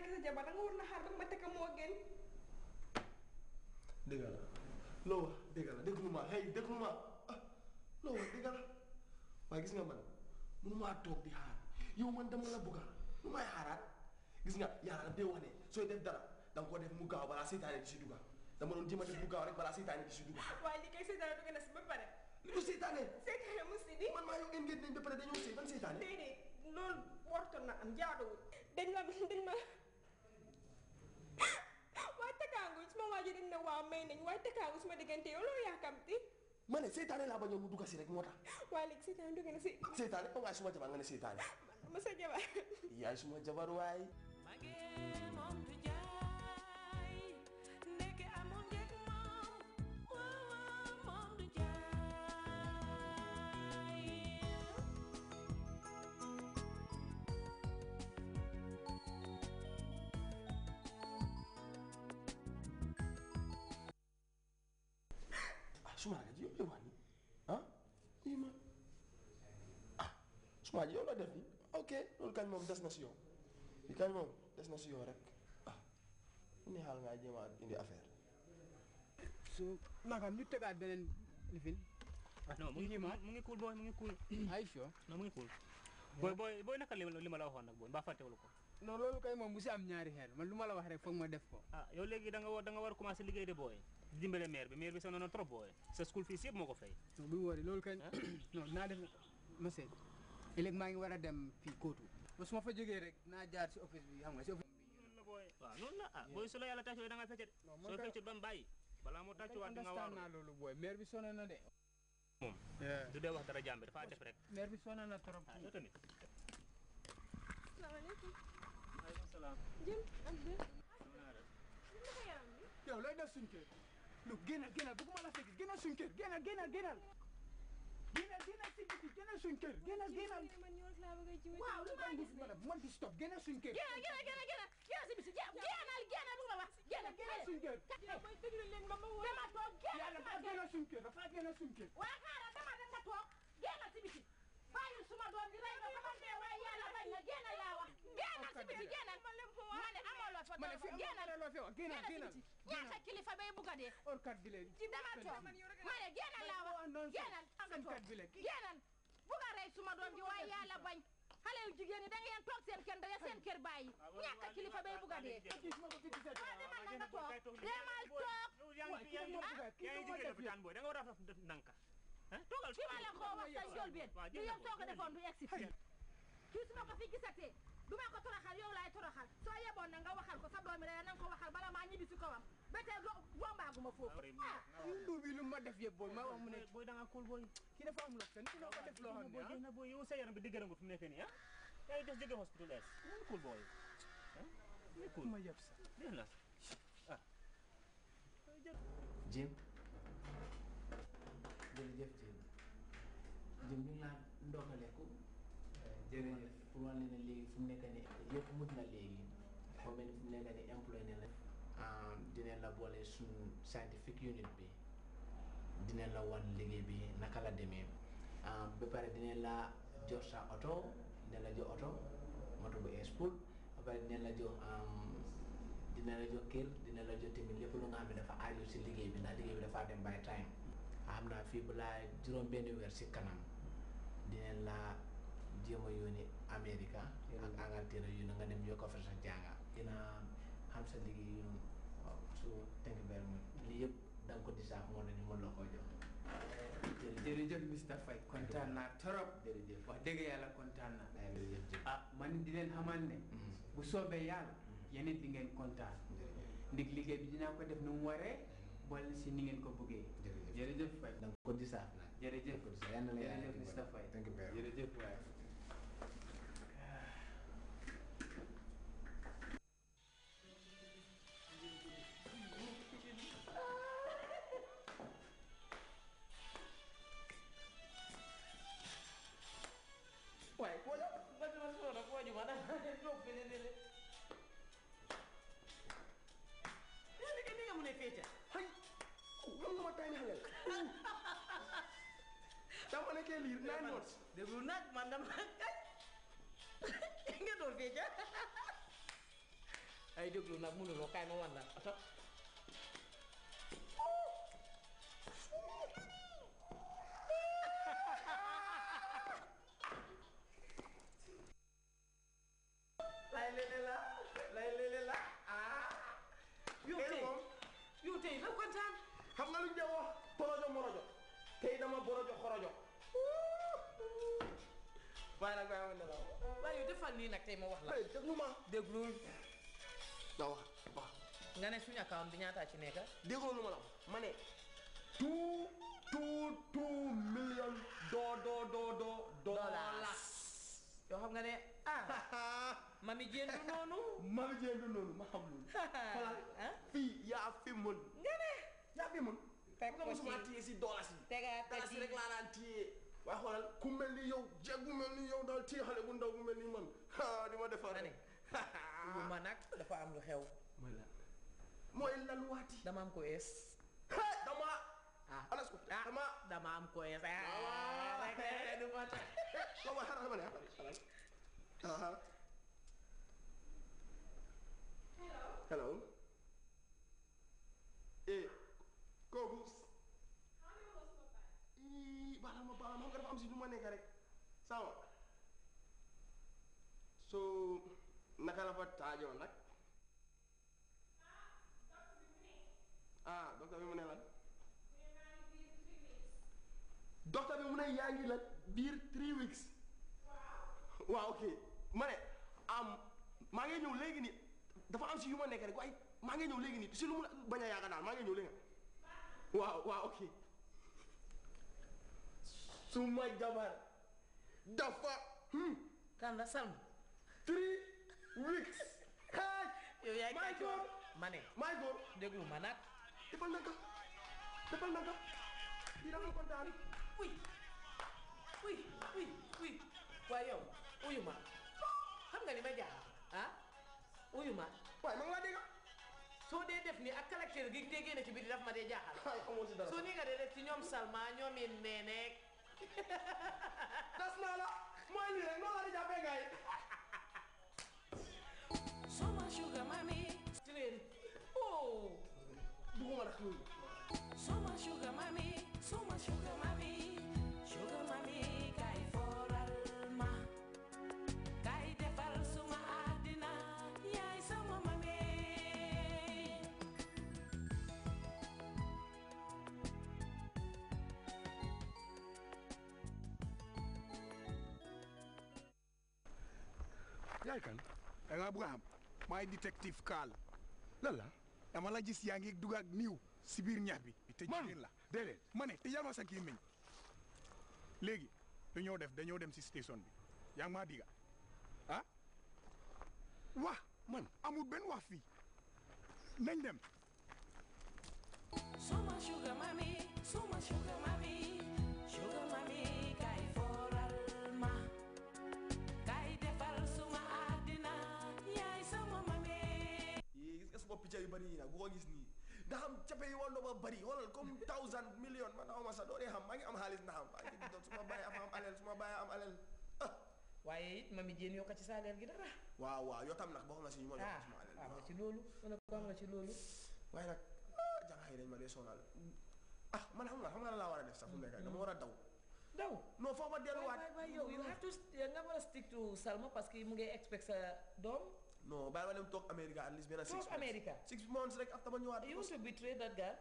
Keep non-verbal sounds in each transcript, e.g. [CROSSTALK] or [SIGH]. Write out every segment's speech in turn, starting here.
bàyyi ko sa jabar da nga war na xaar ba ma teg a moo gën. dëgg la hey deg ma ah loo wax gis nga man mënu maa toog di xaar yow man dama la bugga lu may gis nga yàlla dee wax ne def dara da def mu gaaw di si dugga dama doon jéem a def mu gaaw rek balaa seytaane di si Wah, waaye li kay seytaane dugg na si ba pare. lu seytaane. seytaane mu si di. man maa yow ngeen nañ ba pare dañoo sey ban seytaane. déedéet loolu wartoon am jaaduwul. dañ dañ ma. waa ji dañ ne waaw may nañ waaye Dakar suma diggante yow loo yàkkamti ma ne seytaane laa bañoon mu dugg si rek moo ta waa léegi seytaane dugg na si seytaane oh waaye suma jabar nga ne seytaane ma sa jabar yaay suma suma rakk ji yow lay ah, la ah, def nii ok loolu kañ moom des na si yow bi kañ des na si yow rek ah mu ne xaal ngaa jéem indi affaire. su naka ñu tegaat beneen lifin. Ah, non mu ngi mu ngi cool booy mu ngi cool. [COUGHS] ay booy booy naka li la waxoon nag booy mbaa fàttewul ko. non loolu kay moom bu si am ñaari xel man lu ma la wax rek foog ma def ko. yow léegi da war da war a commencé liggéey de booy. dimbele maire bi maire bi sonono trop boy sa school fees yeb moko fay no bu wori lolou kan [COUGHS] no na def ma set elek ma ngi wara dem fi kotu ba suma fa joge rek na jaar ci office bi xam nga ci office wa non la ah boy solo yalla taccu da nga fecce so feccu bam bayyi bala mo taccu wat nga waru na lolou boy maire bi sonono de mom du de wax dara jambe fa def rek maire bi sonono trop asalaamaaleykum. Ah, maaleykum salaam. jëm ak jëm. yow lay def suñ lu génnal génnal bëgguma la fekk génnal suñ kër génnal génnal génnal génnal génnal si biti génnal suñ kër génnal génnal waaw lu ma gis ma la man di stop génnal suñ kër génnal génnal génnal génnal génnal si biti génnal génnal bëgguma wax génnal génnal suñ kër dama toog génnal dafa génnal suñ kër dafa génnal suñ kër waa xaaral dama dem nga toog génnal si biti bàyyi suma doom di rey nga ko xam ne waaye yàlla bañ na génnal laa wax génnal si biti génnal kole fi geenal lo ele geenal geenal ñaa sa kilifa bay buga de or kat bile dama toog ma ne geenal laa wax geenal am na toog geenal buga rey suma doom ji waaye yàlla bañ xale yu jigéen ñi da ngeen toog seen kër ndaya seen kër bàyyi ñàkk kilifa bay buga dee waaw demal na nga toog demal toog du ma ko toroxal yow laay toroxal soo yeboon na nga ko sa doomi rek na ko waxal bala maa ñibbi si kawam ba tey gombaagu ma foofu. ah bi lu ma def yëpp booy ma wax mu ne booy da nga kóol booy. kii dafa am loxo te dina ko def loo xam ne ah waaw booy yow sa yaram bi diggante nga fi mu nekk nii ah. yaa ngi des jóge hospital est nañ kóol booy ah kóol ma yeb sa dégg na ah. Jim jërëjëf Jim Jim ñu naan ndoxaleku jërëjëf. pour wàll ne léegi fu mu nekk nii yëpp mut na léegi. foo mel ni fu mu nekk nii employé ne la. Ah, dina la boole suñu scientifique unit bi dina la wan liggéey bi naka la demee ah, ba pare dina la jox sa oto dina la jox oto moto bu esport ba pare dina la jox dina la jox kër dina la jox tamit lépp lu nga xam ne dafa aaju si liggéey bi ndax liggéey bi dafa dem by time. xam naa fii balaa juróom-benn weer si kanam dina la. jema yoni amerika iya. ina angal tira yoni nga dem yoko fer sa janga ina xam sa ligi yoni su tank ber mo li yeb dang ko sax mo mo lako jox jeuf Mr Fay kontan, na torop jeuf wax deug yàlla kontaan na ah man di len xamal ne mm. bu sobe yàlla mm. yene di ngeen kontaan ndig liggéey bi dina ko def nu mu mm. bol si ni ngeen ko jeuf Fay ko Mr Fay waay mana no fini nili ni ke ni mun e fete hay ngam ma tay ni halal dama ne ke lire nine months deglu nak man dama nga do fete ay deglu nak munu lo kay ma wan la kontaan xam nga luñ de wax torojo morojo Baiklah, dama borojo xorojo waaye nag waaye wala waaye yow defal nii nag tey ma wax la déglu ma déglul nga wax wax nga ne suñu account bi ñaata ci nekk dégloo lu la wax ma ne tout million do do do do dollars yoo xam nga ne ah mami jéndu noonu mami jéndu noonu ma xam loolu Fi ya fi mën demoon. fekk ko si nga téye si dollars yi. tegaat dollars yi rek laa daan téye. waaye xoolal ku mel ni yow jeeg mel ni yow daal téye xale bu ndaw bu mel ni man di ma defar. ma ne ma nag dafa am lu xew. mooy dama am ko ees. dama. ah ko ah, dama. dama am ko ees. Ah, [LAUGHS] hello. aajo nag ah docteur bi mu ne lan docteur bi mu ne yaa ngi la biir three weeks waaw ok ma ne am maa ngi ñëw léegi nii dafa am si yu ma nekk rek waaye maa ngi ñëw léegi nii si lu mu bañ a yaakaar daal maa ngi ñëw léegi waaw waaw ok su jabar dafa hmm. kan la salm three weeks yow yaay may góor mané may góor déglu ma defal defal di dama kontaan uy uy uy uy waa yow uyu xam nga ma jaar ah uyu ma ma ngi laa dégg soo def ni ak caractère gi dee génne ci biir daf ma dee jaaxal soo ni nga def ci salma [LAUGHS] das naa la mooy lii rek noonu la So much sugar. wax loolu. suma sugar mami suma sugar mami sugar mami kay foral ma kay defal suma àddina yaay sama mami. yaay kan da ngaa bëgg a Kaal lan dama la gis yaangi dug ak niw ci bir ñax bi te jigen la dede mané te yàlla sa kii meñ légui dañu def dañu dem ci station bi yaang ma diga ah wa man amul ben wax fi nañ dem so much sugar mami so much sugar mami bëri yi nag bu ko gis nii ndax am cappe yi woon na ba bëri xoolal comme thousand million man xaw ma sax doo dee xam maa ngi am xaalis ndax am maa ma bàyyi am am ma bàyyi am alal ah. waaye it mami jéen yokk ci salaire gi dara. waaw waaw yoo tam nag boo ah, ah, ah, nga xam nga xam laa war a def sax mu nekk dama war a daw. daw non delluwaat. yow you a stick Salma parce mu ngi expect sa doom non bàyyi ma dem toog America at least benn six months toog America rek after ma ñëwaat. you want to betray that guy.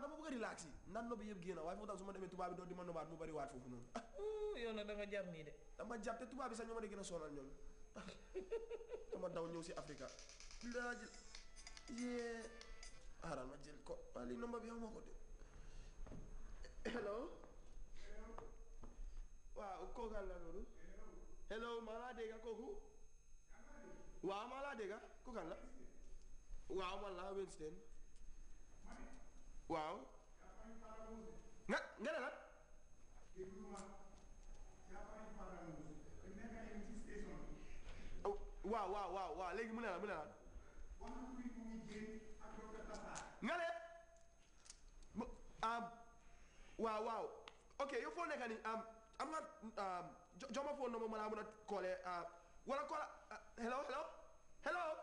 dama bëgg a relax yi nan nobbi yëpp génn waaye foofu ma demee tubaab bi doon di ma nobaat mu bari waat foofu noonu. [LAUGHS] yow nag danga jar nii de. dama jàpp te tubaab bi sax ñoo ma di gën a sonal ñoom [LAUGHS] dama daw ñëw si Africa. laa jël yee xaaral ma jël ko waaye lii bi yow ma ko de hello. waaw kooku àll la loolu. hello maa laa dégg kooku. waaw maa laa dégg ku la waaw man laa Winston waaw nga nga la waaw waaw waaw waaw mu ne la mu ne la nga waaw waaw ok yow foo nekk nii am am nga joma phone number ma laa mën a hello hello Hello?